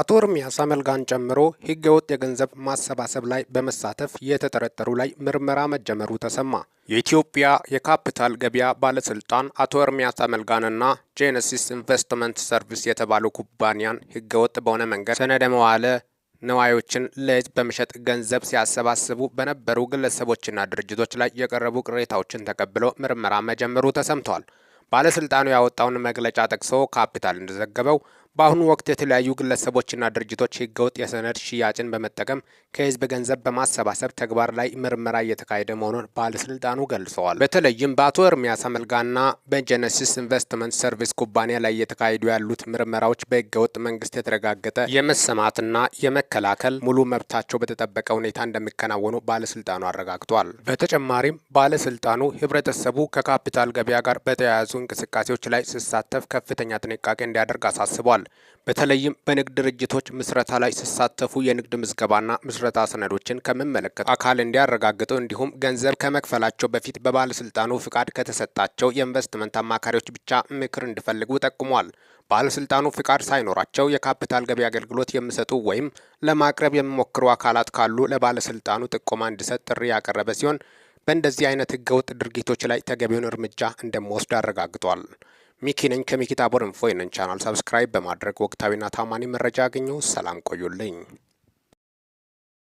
አቶ እርሚያስ አመልጋን ጨምሮ ህገወጥ የገንዘብ ማሰባሰብ ላይ በመሳተፍ የተጠረጠሩ ላይ ምርመራ መጀመሩ ተሰማ። የኢትዮጵያ የካፒታል ገበያ ባለስልጣን አቶ እርሚያስ አመልጋንና ጄነሲስ ኢንቨስትመንት ሰርቪስ የተባሉ ኩባንያን ህገወጥ በሆነ መንገድ ሰነደ መዋለ ነዋዮችን ለህዝብ በመሸጥ ገንዘብ ሲያሰባስቡ በነበሩ ግለሰቦችና ድርጅቶች ላይ የቀረቡ ቅሬታዎችን ተቀብሎ ምርመራ መጀመሩ ተሰምቷል። ባለስልጣኑ ያወጣውን መግለጫ ጠቅሶ ካፒታል እንደዘገበው በአሁኑ ወቅት የተለያዩ ግለሰቦችና ድርጅቶች ህገወጥ የሰነድ ሽያጭን በመጠቀም ከህዝብ ገንዘብ በማሰባሰብ ተግባር ላይ ምርመራ እየተካሄደ መሆኑን ባለስልጣኑ ገልጸዋል። በተለይም በአቶ እርሚያስ አመልጋና በጀነሲስ ኢንቨስትመንት ሰርቪስ ኩባንያ ላይ እየተካሄዱ ያሉት ምርመራዎች በህገወጥ መንግስት የተረጋገጠ የመሰማትና የመከላከል ሙሉ መብታቸው በተጠበቀ ሁኔታ እንደሚከናወኑ ባለስልጣኑ አረጋግጧል። በተጨማሪም ባለስልጣኑ ህብረተሰቡ ከካፒታል ገበያ ጋር በተያያዙ እንቅስቃሴዎች ላይ ሲሳተፍ ከፍተኛ ጥንቃቄ እንዲያደርግ አሳስቧል። ተገልጿል። በተለይም በንግድ ድርጅቶች ምስረታ ላይ ሲሳተፉ የንግድ ምዝገባና ምስረታ ሰነዶችን ከሚመለከተው አካል እንዲያረጋግጡ እንዲሁም ገንዘብ ከመክፈላቸው በፊት በባለስልጣኑ ፍቃድ ከተሰጣቸው የኢንቨስትመንት አማካሪዎች ብቻ ምክር እንዲፈልጉ ጠቁሟል። ባለስልጣኑ ፍቃድ ሳይኖራቸው የካፒታል ገቢ አገልግሎት የሚሰጡ ወይም ለማቅረብ የሚሞክሩ አካላት ካሉ ለባለስልጣኑ ጥቆማ እንዲሰጥ ጥሪ ያቀረበ ሲሆን በእንደዚህ አይነት ህገወጥ ድርጊቶች ላይ ተገቢውን እርምጃ እንደሚወስድ አረጋግጧል። ሚኪ ነኝ ከሚኪታ ቦር ይህንን ቻናል ሰብስክራይብ በማድረግ ወቅታዊና ታማኒ መረጃ አገኘው። ሰላም ቆዩልኝ።